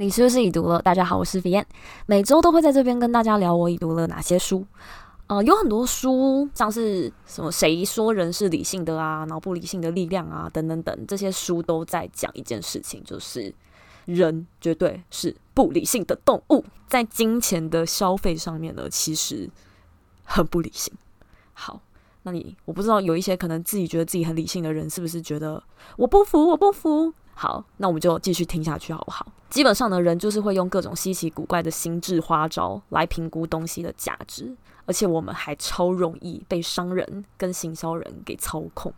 你是不是已讀了？大家好，我是飛燕，每周都會在這邊跟大家聊我已讀了哪些書。呃，有很多書，像是什麼《誰說人是理性的》啊，《不理性的力量》啊，等等等，這些書都在講一件事情，就是人絕對是不理性的動物，在金錢的消費上面呢，其實很不理性。好，那你我不知道有一些可能自己覺得自己很理性的人，是不是覺得我不服，我不服？好，那我們就繼續聽下去，好不好？基本上呢，人就是會用各種稀奇古怪的心智花招來評估東西的價值，而且我們還超容易被商人跟行銷人給操控，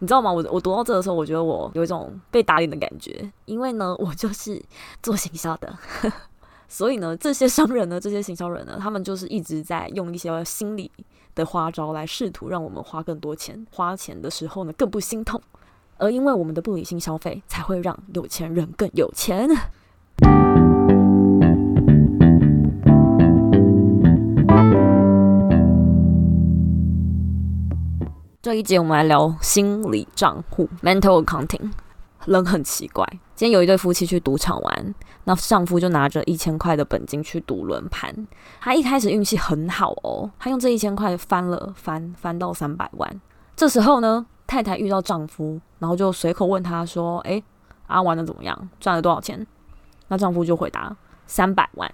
你知道嗎？我我讀到這的時候，我覺得我有一種被打臉的感覺，因為呢，我就是做行銷的， 所以呢，這些商人呢，這些行銷人呢，他們就是一直在用一些心理的花招來試圖讓我們花更多錢，花錢的時候呢，更不心痛。而因為我們的不理性消費，才會讓有錢人更有錢。這一集我們來聊心理賬戶 （mental accounting）。人很奇怪，今天有一對夫妻去賭場玩，那丈夫就拿着一千塊的本金去賭輪盤。他一開始運氣很好哦，他用這一千塊翻了翻，翻到三百萬。這時候呢？太太遇到丈夫，然後就隨口問他說：“哎，阿、啊、玩得怎麼樣？賺了多少錢？”那丈夫就回答：“三百萬。”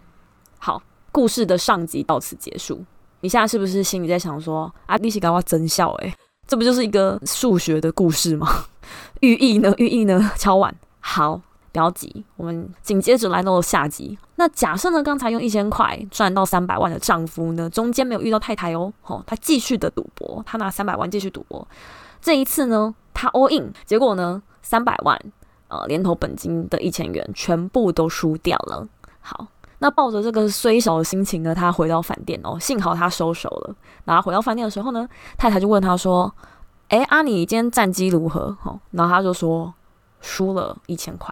好，故事的上集到此結束。你現在是不是心裡在想說：“阿利息高要增效？”哎、欸，這不就是一個數學的故事嗎？寓意呢？寓意呢？敲碗。好，不要急，我們緊接着來到了下集。那假設呢？剛才用一千塊賺到三百萬的丈夫呢，中間沒有遇到太太哦，吼、哦，他繼續的賭博，他拿三百萬繼續賭博。這一次呢，他 all in，結果呢，三百萬，呃，連同本金的一千元全部都輸掉了。好，那抱着這個衰小的心情呢，他回到飯店哦，幸好他收手了。然後回到飯店的時候呢，太太就問他說：“哎、欸，阿、啊、你今天戰績如何？”哦，然後他就說：“輸了一千塊。”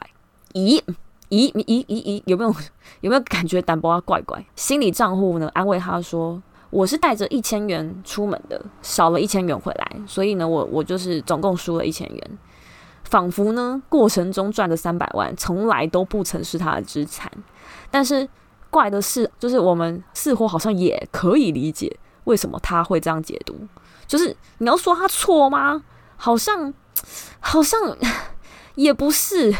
咦咦咦咦咦，有沒有有沒有感覺膽包啊？怪怪，心理賬戶呢，安慰他說。我是帶着一千元出門的，少了一千元回來，所以呢，我我就是總共輸了一千元。仿佛呢，過程中賺的三百萬從來都不曾是他的資產。但是怪的是，就是我們似乎好像也可以理解為什麼他會這樣解讀。就是你要說他錯嗎？好像好像也不是。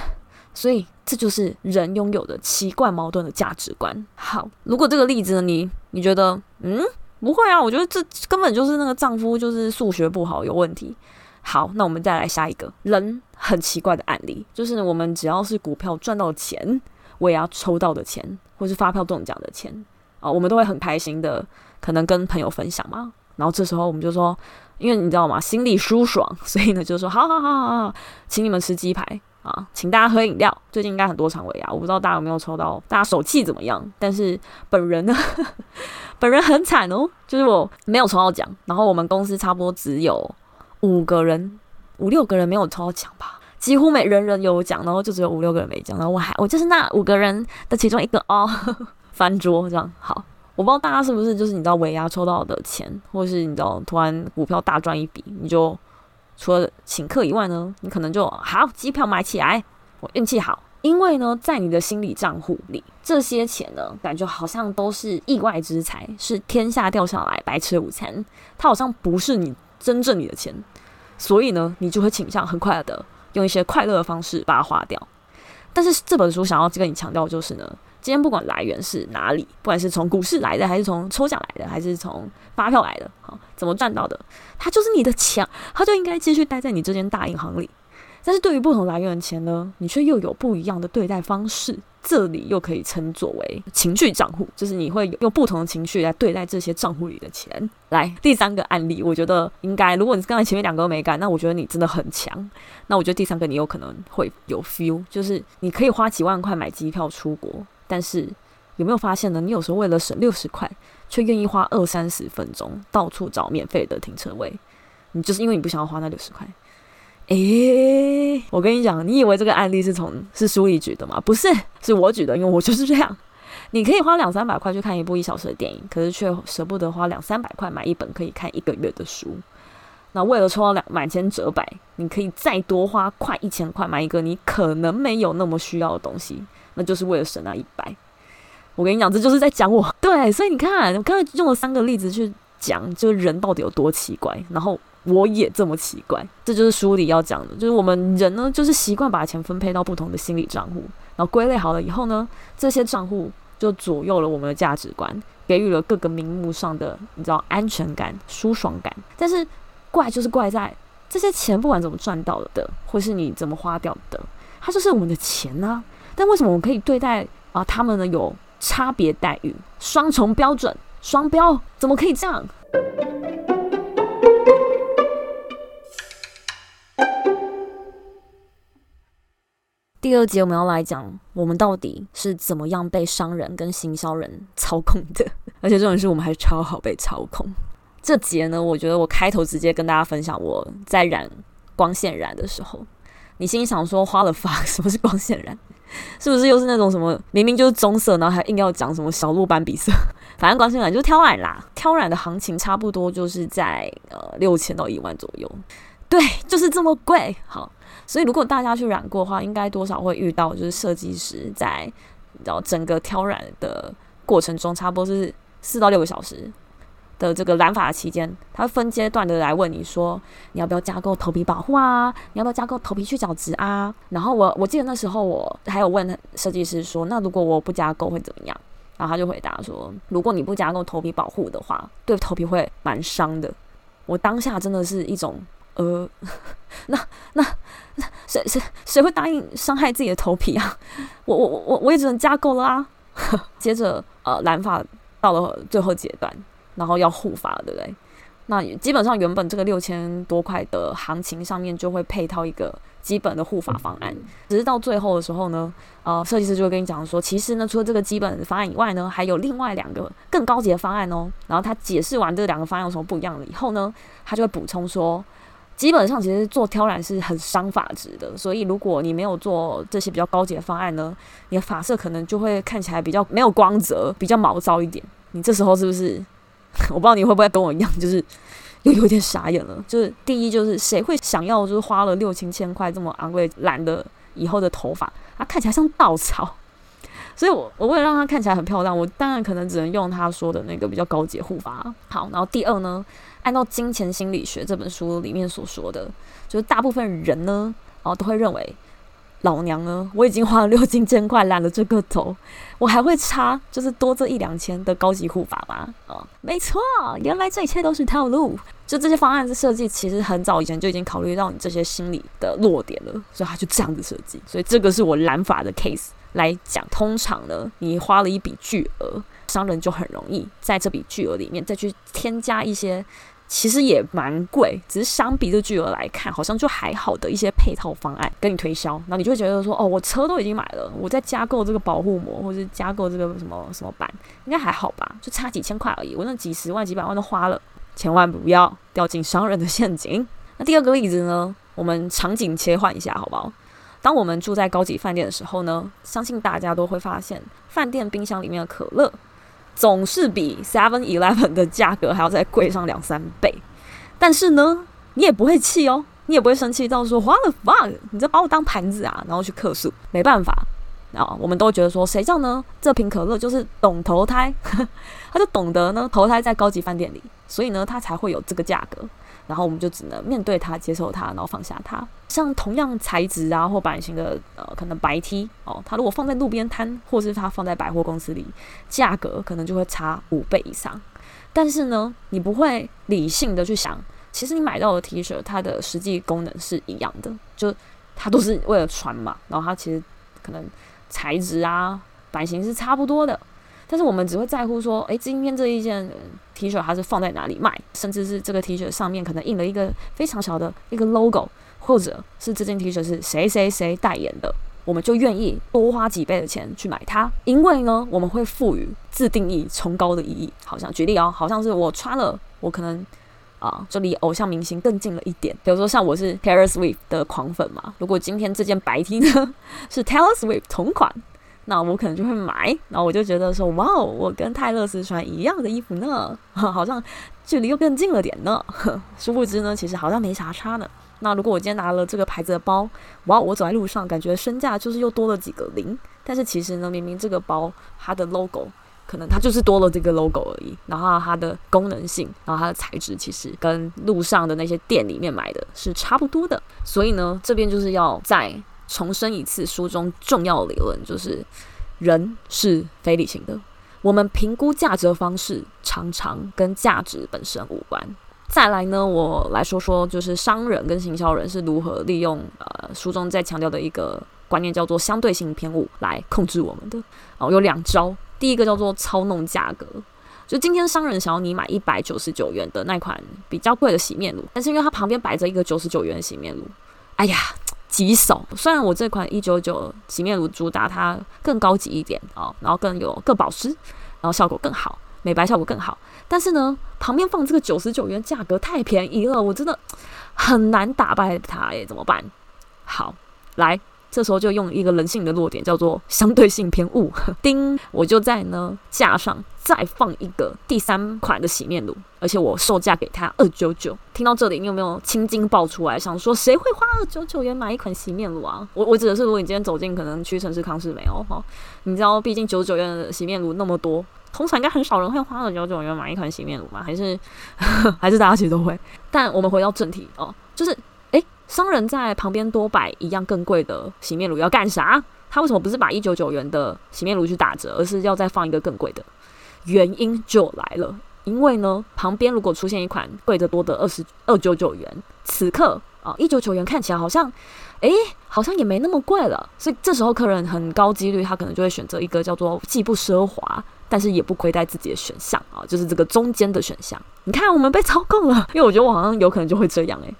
所以，這就是人擁有的奇怪矛盾的價值觀。好，如果這個例子呢，你你覺得嗯不會啊，我覺得這根本就是那個丈夫就是數學不好有問題。好，那我們再來下一個人很奇怪的案例，就是我們只要是股票賺到錢，我也要抽到的錢，或是發票中獎的錢啊，我們都會很開心的，可能跟朋友分享嘛。然後這時候我們就說，因為你知道嗎，心裡舒爽，所以呢就說好，好，好，好，好，請你們吃雞排。啊，請大家喝飲料。最近應該很多場尾牙，我不知道大家有沒有抽到，大家手氣怎麼樣？但是本人呢，呵呵本人很慘哦，就是我沒有抽到獎。然後我們公司差不多只有五個人，五六個人沒有抽到獎吧，幾乎每人人有獎，然後就只有五六個人沒獎。然後我還我就是那五個人的其中一個哦呵呵，翻桌這樣。好，我不知道大家是不是就是你知道，尾牙抽到的錢，或是你知道突然股票大賺一筆，你就。除了請客以外呢，你可能就好機票買起來，我運氣好，因為呢，在你的心理賬戶裡，這些錢呢，感覺好像都是意外之財，是天下掉下來白吃的午餐，它好像不是你真正你的錢，所以呢，你就會傾向很快的用一些快樂的方式把它花掉。但是這本書想要跟你強調就是呢，今天不管來源是哪裡，不管是從股市來的，還是從抽獎來的，還是從發票來的，好、哦，怎麼賺到的，它就是你的錢，它就應該繼續待在你這間大銀行裡。但是對於不同來源的錢呢，你卻又有不一樣的對待方式。這裡又可以稱作為情緒賬戶，就是你會用不同的情緒來對待這些賬戶裡的錢。來，第三個案例，我覺得應該，如果你剛才前面兩個都沒感，那我覺得你真的很強。那我覺得第三個你有可能會有 feel，就是你可以花幾萬塊買機票出國。但是，有沒有發現呢？你有時候為了省六十塊，卻願意花二三十分鐘到處找免費的停車位，你就是因為你不想要花那六十塊。誒、欸，我跟你講，你以為這個案例是從是書裡舉的嗎？不是，是我舉的，因為我就是這樣。你可以花兩三百塊去看一部一小時的電影，可是卻捨不得花兩三百塊買一本可以看一個月的書。那為了抽到兩滿千折百，你可以再多花快一千塊買一個你可能沒有那麼需要的東西。那就是為了省那一百，我跟你講，這就是在講我。對，所以你看，我剛才用了三個例子去講，就是人到底有多奇怪，然後我也這麼奇怪。這就是書裡要講的，就是我們人呢，就是習慣把錢分配到不同的心理賬戶，然後歸類好了以後呢，這些賬戶就左右了我們的價值觀，給予了各個名目上的你知道安全感、舒爽感。但是怪就是怪在這些錢不管怎麼賺到的，或是你怎麼花掉的，它就是我們的錢吶。但為什麼我可以對待啊他們呢有差別待遇，雙重標準，雙標怎麼可以這樣？第二節我們要來講，我們到底是怎麼樣被商人跟行銷人操控的？而且這種事我們還超好被操控。這節呢，我覺得我開頭直接跟大家分享我在染光線染的時候，你心裡想說花了發什麼是光線染？是不是又是那種什麼明明就是棕色，然後還硬要講什麼小鹿斑比色？反正光線染就挑染啦，挑染的行情差不多就是在呃六千到一萬左右，對，就是這麼貴。好，所以如果大家去染過的話，應該多少會遇到，就是設計師在然後整個挑染的過程中，差不多是四到六個小時。的這個染髮期間，他分階段的來問你說，你要不要加購頭皮保護啊？你要不要加購頭皮去角質啊？然後我我記得那時候我還有問設計師說，那如果我不加購會怎麼樣？然後他就回答說，如果你不加購頭皮保護的話，對頭皮會蠻傷的。我當下真的是一種，呃，那那那誰誰誰會答應傷害自己的頭皮啊？我我我我我也只能加購了啊。 接着呃，染髮到了最後階段。然後要護髮，對不對？那基本上原本這個六千多塊的行情上面就會配套一個基本的護髮方案，只是到最後的時候呢，呃，設計師就會跟你講說，其實呢，除了這個基本方案以外呢，還有另外兩個更高級的方案哦。然後他解釋完這兩個方案有什麼不一樣了以後呢，他就會補充說，基本上其實做挑染是很傷髮質的，所以如果你沒有做這些比較高級的方案呢，你的髮色可能就會看起來比較沒有光澤，比較毛躁一點。你這時候是不是？我不知道你會不會跟我一樣，就是又有點傻眼了，就是第一，就是誰會想要就是花了六七千塊這麼昂貴染的以後的頭髮，它看起來像稻草。所以我我為了讓它看起來很漂亮，我當然可能只能用他說的那個比較高級護髮。好，然後第二呢，按照《金錢心理學》這本書裡面所說的就是，大部分人呢然後、哦、都會認為。老娘呢，我已經花了六七千塊染了這個頭，我還會差，就是多這一兩千的高級護髮吧？啊、哦，沒錯，原來這一切都是套路。就這些方案的設計，其實很早以前就已經考慮到你這些心理的弱點了，所以他就這樣子設計。所以這個是我染髮的 case 來講，通常呢，你花了一筆巨額，商人就很容易在這筆巨額裡面再去添加一些。其實也蠻貴，只是相比這巨額來看，好像就還好的一些配套方案跟你推銷，然後你就會覺得說，哦，我車都已經買了，我再加購這個保護膜，或者是加購這個什麼什麼板，應該還好吧？就差幾千塊而已，我那幾十萬、幾百萬都花了，千萬不要掉進商人的陷阱。那第二個例子呢，我們場景切換一下，好不好？當我們住在高級飯店的時候呢，相信大家都會發現，飯店冰箱裡面的可樂。總是比 Seven Eleven 的價格還要再貴上兩三倍，但是呢，你也不會氣哦，你也不會生氣到說 What the fuck！你這把我當盤子啊？然後去客訴。沒辦法啊，我們都覺得說，誰叫呢？這瓶可樂就是懂投胎， 他就懂得呢投胎在高級飯店裡，所以呢，他才會有這個價格。然後我們就只能面對它，接受它，然後放下它。像同樣材質啊或版型的呃，可能白 T 哦，它如果放在路邊攤，或是它放在百貨公司裡，價格可能就會差五倍以上。但是呢，你不會理性的去想，其實你買到的 T 恤，它的實際功能是一樣的，就它都是為了穿嘛。然後它其實可能材質啊版型是差不多的。但是我們只會在乎說，哎，今天這一件 T 恤，它是放在哪裡賣，甚至是這個 T 恤上面可能印了一個非常小的一個 logo，或者是這件 T 恤是誰誰誰代言的，我們就願意多花幾倍的錢去買它，因為呢，我們會賦予自定義崇高的意義。好像舉例啊、哦，好像是我穿了，我可能啊、呃、就離偶像明星更近了一點。比如說像我是 Taylor Swift 的狂粉嘛，如果今天這件白 T 呢是 Taylor Swift 同款，那我可能就會買，然後我就覺得說，哇，我跟泰勒斯穿一樣的衣服呢，好像距離又更近了點呢呵。殊不知呢，其實好像沒啥差呢。那如果我今天拿了這個牌子的包，哇，我走在路上感覺身價就是又多了幾個零。但是其實呢，明明這個包它的 logo 可能它就是多了這個 logo 而已，然後它的功能性，然後它的材質其實跟路上的那些店裡面買的是差不多的。所以呢，這邊就是要在。重申一次，書中重要理論就是，人是非理性的。我們評估價值的方式常常跟價值本身無關。再來呢，我來說說，就是商人跟行銷人是如何利用呃書中在強調的一個觀念，叫做相對性偏誤，來控制我們的。哦，有兩招，第一個叫做操弄價格，就今天商人想要你買一百九十九元的那款比較貴的洗面乳，但是因為它旁邊擺着一個九十九元的洗面乳，哎呀。棘手，雖然我這款一九九洗面乳主打它更高級一點哦，然後更有更保濕，然後效果更好，美白效果更好，但是呢，旁邊放這個九十九元價格太便宜了，我真的很難打敗它哎，欸，怎麼辦？好，來。這時候就用一個人性的弱點，叫做相對性偏誤。叮，我就在呢架上再放一個第三款的洗面乳，而且我售價給他二九九。聽到這裡，你有沒有青筋爆出來，想說誰會花二九九元買一款洗面乳啊？我我指的是，如果你今天走進可能屈臣氏、康是美哦，你知道，畢竟九十九元的洗面乳那麼多，通常應該很少人會花二九九元買一款洗面乳嘛？還是呵還是大家其實都會？但我們回到正題哦，就是。商人在旁邊多擺一樣更貴的洗面乳要幹啥？他為什麼不是把一九九元的洗面乳去打折，而是要再放一個更貴的？原因就來了，因為呢，旁邊如果出現一款貴得多的二十二九九元，此刻啊，一九九元看起來好像，哎、欸，好像也沒那麼貴了，所以這時候客人很高幾率他可能就會選擇一個叫做既不奢華，但是也不虧待自己的選項啊，就是這個中間的選項。你看，我們被操控了，因為我覺得我好像有可能就會這樣哎、欸。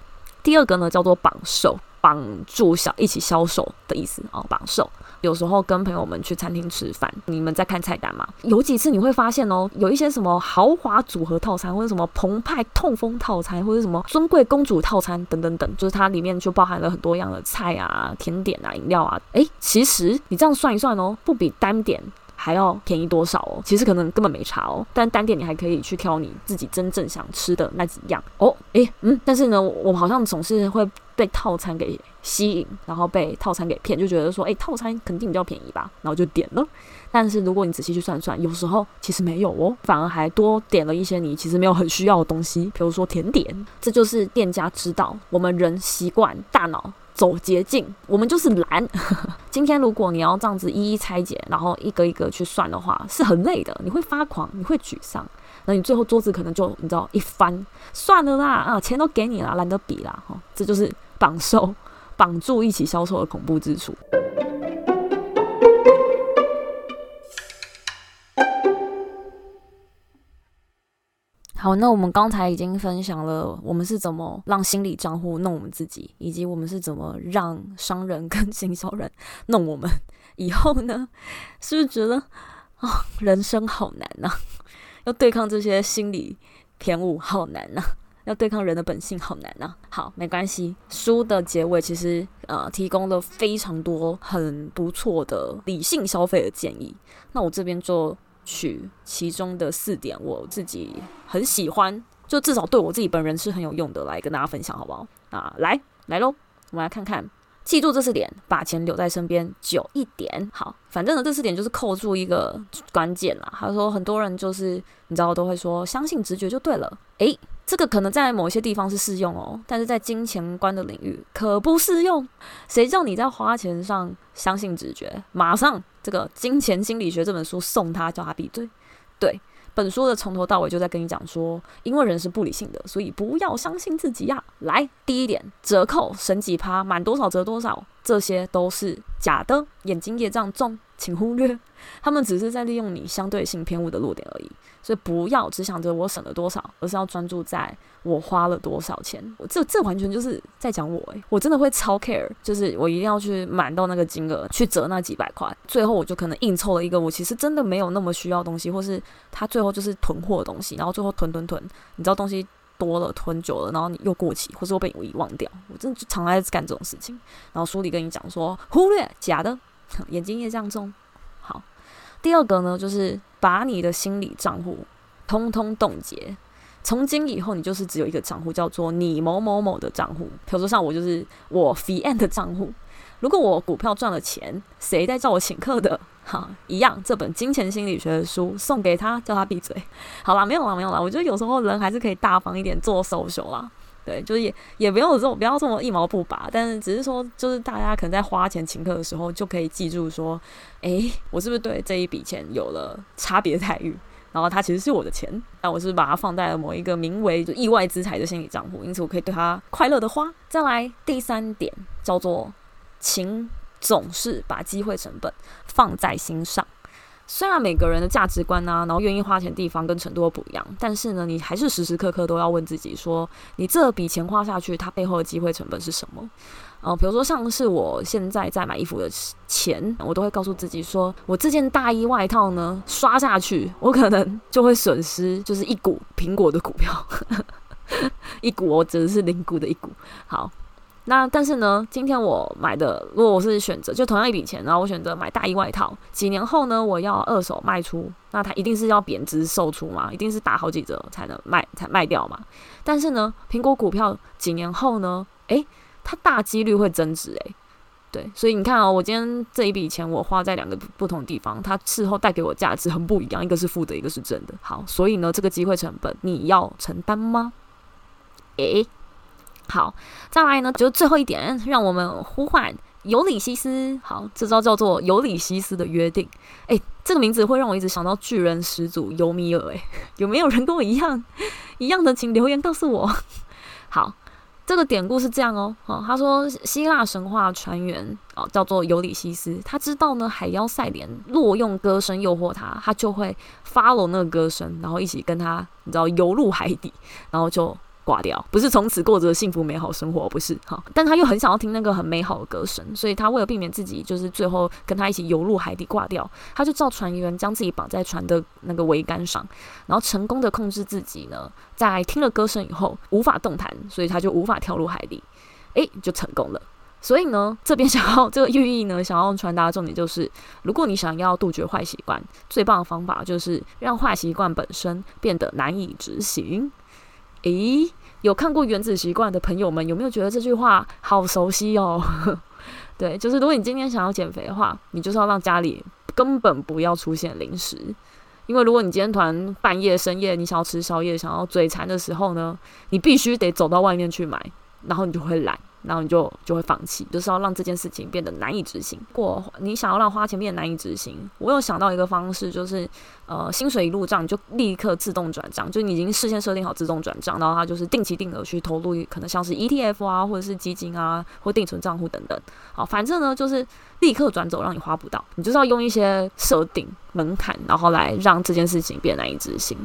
第二個呢，叫做綁售，綁住銷，一起銷售的意思哦。綁售，有時候跟朋友們去餐廳吃飯，你們在看菜單嗎？有幾次你會發現哦，有一些什麼豪華組合套餐，或者什麼澎湃痛風套餐，或者什麼尊貴公主套餐等等等，就是它裡面就包含了很多樣的菜啊、甜點啊、飲料啊。誒，其實你這樣算一算哦，不比單點。還要便宜多少哦？其實可能根本沒差哦。但單點你還可以去挑你自己真正想吃的那幾樣哦。哎、欸，嗯，但是呢，我，我好像總是會，被套餐給吸引，然後被套餐給騙，就覺得說，哎、欸，套餐肯定比較便宜吧，然後就點了。但是如果你仔細去算算，有時候其實沒有哦，反而還多點了一些你其實沒有很需要的東西，比如說甜點。這就是店家知道我們人習慣，大腦走捷徑，我們就是懶。 今天如果你要這樣子一一拆解，然後一個一個去算的話，是很累的，你會發狂，你會沮喪，那你最後桌子可能就你知道一翻，算了啦，啊，錢都給你了，懶得比啦，哈、哦，這就是。綁收、綁住一起銷售的恐怖之處。好，那我們剛才已經分享了我們是怎麼讓心理賬戶弄我們自己，以及我們是怎麼讓商人跟行銷人弄我們。以後呢，是不是覺得、哦、人生好難啊，要對抗這些心理偏誤，好難啊。要對抗人的本性好難吶、啊！好，沒關係。書的結尾其實呃提供了非常多很不錯的理性消費的建議。那我這邊就取其中的四點，我自己很喜歡，就至少對我自己本人是很有用的，來跟大家分享好不好？啊，來來嘍，我們來看看，記住這四點，把錢留在身邊久一點。好，反正呢，這四點就是扣住一個關鍵啦。他說很多人就是你知道都會說相信直覺就對了，誒、欸。這個可能在某些地方是適用哦，但是在金錢觀的領域可不適用。誰叫你在花錢上相信直覺？馬上這個《金錢心理學》這本書送他，叫他閉嘴。對，本書的從頭到尾就在跟你講說，因為人是不理性的，所以不要相信自己呀、啊。來，第一點，折扣省幾趴，滿多少折多少，這些都是假的，眼睛業障重。請忽略，他們只是在利用你相對性偏誤的弱點而已。所以不要只想着我省了多少，而是要專注在我花了多少錢。我這這完全就是在講我，欸，我真的會超 care，就是我一定要去買到那個金額去折那幾百塊，最後我就可能硬湊了一個我其實真的沒有那麼需要的東西，或是他最後就是囤貨的東西，然後最後囤囤囤，你知道東西多了囤久了，然後你又過期或者我被遺忘掉，我真的就常愛幹這種事情。然後書裡跟你講說，忽略假的。眼睛也這樣中，好。第二個呢，就是把你的心理賬戶通通凍結，從今以後你就是只有一個賬戶叫做你某某某的賬戶比如說像我就是我 f a n 的賬戶如果我股票賺了錢，誰在叫我請客的？哈、啊，一樣。這本《金錢心理學》的書送給他，叫他閉嘴。好啦，沒有啦，沒有啦。我覺得有時候人還是可以大方一點，做 social 啦。對，就是也也沒有這種，不要這麼一毛不拔，但是只是說，就是大家可能在花錢請客的時候，就可以記住說，哎，我是不是對這一筆錢有了差別待遇？然後它其實是我的錢，那我是不是把它放在了某一個名為意外之財的心理賬戶，因此我可以對它快樂的花。再來第三點叫做，請總是把機會成本放在心上。雖然每個人的價值觀啊，然後願意花錢的地方跟程度都不一樣，但是呢，你還是時時刻刻都要問自己說，你這筆錢花下去，它背後的機會成本是什麼？哦、呃，比如說像是我現在在買衣服的錢，我都會告訴自己說，我這件大衣外套呢，刷下去，我可能就會損失，就是一股蘋果的股票， 一股哦，只是零股的一股，好。那但是呢，今天我買的，如果我是選擇，就同樣一筆錢，然後我選擇買大衣外套，幾年後呢，我要二手賣出，那它一定是要貶值售出嘛，一定是打好幾折才能賣，才賣掉嘛。但是呢，蘋果股票幾年後呢，誒，它大幾率會增值誒。對，所以你看哦，我今天這一筆錢我花在兩個不同地方，它事後帶給我價值很不一樣，一個是負的，一個是正的。好，所以呢，這個機會成本你要承擔嗎？誒。好，再來呢，就最後一點，讓我們呼喚尤里西斯。好，這招叫做《尤里西斯的約定》欸。哎，這個名字會讓我一直想到巨人始祖尤米爾。哎，有沒有人跟我一樣一樣的？請留言告訴我。好，這個典故是這樣哦。哦，他說希臘神話船員哦，叫做尤里西斯。他知道呢，海妖賽蓮若用歌聲誘惑他，他就會 follow 那個歌聲，然後一起跟他，你知道，游入海底，然後就。掛掉，不是從此過着幸福美好生活，不是哈。但他又很想要聽那個很美好的歌聲，所以他為了避免自己就是最後跟他一起游入海底掛掉，他就叫船員將自己綁在船的那個桅杆上，然後成功的控制自己呢，在聽了歌聲以後無法動彈，所以他就無法跳入海底。誒，就成功了。所以呢，這邊想要這個寓意呢，想要傳達的重點就是，如果你想要杜絕壞習慣，最棒的方法就是讓壞習慣本身變得難以執行。誒。有看過《原子習慣》的朋友們，有沒有覺得這句話好熟悉哦？ 對，就是如果你今天想要減肥的話，你就是要讓家裡根本不要出現零食，因為如果你今天突然半夜深夜，你想要吃宵夜、想要嘴饞的時候呢，你必須得走到外面去買，然後你就會懶。然後你就就會放棄，就是要讓這件事情變得難以執行。過你想要讓花錢變得難以執行，我有想到一個方式，就是呃薪水一入賬就立刻自動轉賬，就你已經事先設定好自動轉賬，然後它就是定期定額去投入，可能像是 ETF 啊、或者是基金啊或定存賬戶等等。好，反正呢就是立刻轉走，讓你花不到。你就是要用一些設定門檻，然後來讓這件事情變得難以執行。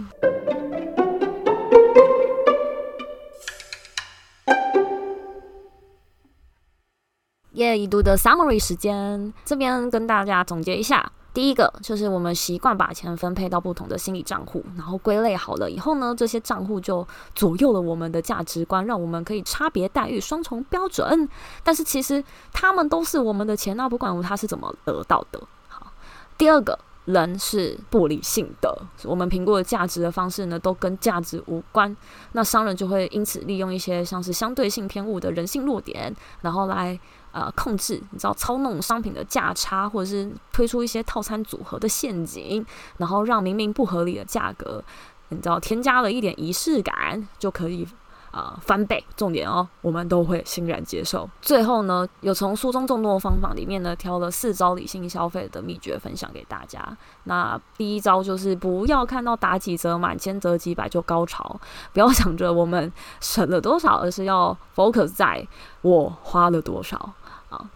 耶，已讀的 summary 時間，這邊跟大家總結一下。第一個就是我們習慣把錢分配到不同的心理賬戶，然後歸類好了以後呢，這些賬戶就左右了我們的價值觀，讓我們可以差別待遇、雙重標準。但是其實他們都是我們的錢，那不管他是怎麼得到的。好，第二個。人是不理性的，我們評估的價值的方式呢，都跟價值無關。那商人就會因此利用一些像是相對性偏誤的人性弱點，然後來呃控制，你知道，操弄商品的價差，或者是推出一些套餐組合的陷阱，然後讓明明不合理的價格，你知道，添加了一點儀式感就可以。啊、呃，翻倍！重點哦，我們都會欣然接受。最後呢，有從書中眾多方法裡面呢，挑了四招理性消費的秘訣分享給大家。那第一招就是不要看到打幾折、滿千折幾百就高潮，不要想着我們省了多少，而是要 focus 在我花了多少。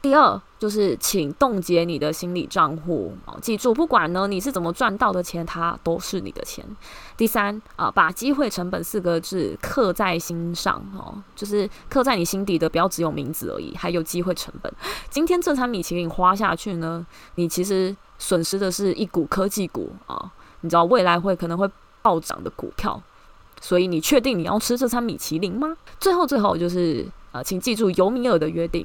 第二就是，請凍結你的心理賬戶哦，記住，不管呢你是怎麼賺到的錢，它都是你的錢。第三啊，把“機會成本”四個字刻在心上哦，就是刻在你心底的，不要只有名字而已，還有機會成本。今天這餐米其林花下去呢，你其實損失的是一股科技股啊，哦，你知道未來會可能會暴漲的股票。所以，你確定你要吃這餐米其林嗎？最後，最後就是啊，請記住尤米爾的約定。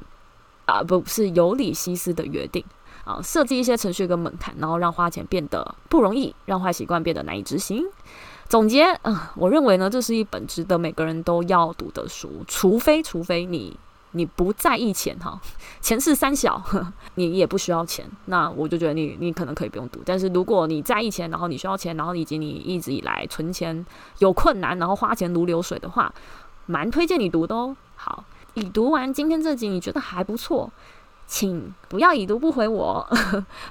啊，不是《尤里西斯的約定》啊，設計一些程序跟門檻，然後讓花錢變得不容易，讓壞習慣變得難以執行。總結，嗯、呃，我認為呢，這是一本值得每個人都要讀的書。除非除非你你不在意錢哈，錢、哦、是三小呵，你也不需要錢，那我就覺得你你可能可以不用讀。但是如果你在意錢，然後你需要錢，然後以及你一直以來存錢有困難，然後花錢如流水的話，蠻推薦你讀的哦。好。已讀完今天這集，你覺得還不錯，請不要已讀不回我，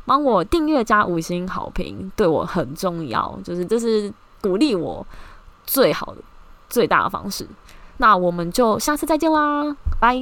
幫我訂閱加五星好評，對我很重要，就是這是鼓勵我最好的最大的方式。那我們就下次再見啦，拜。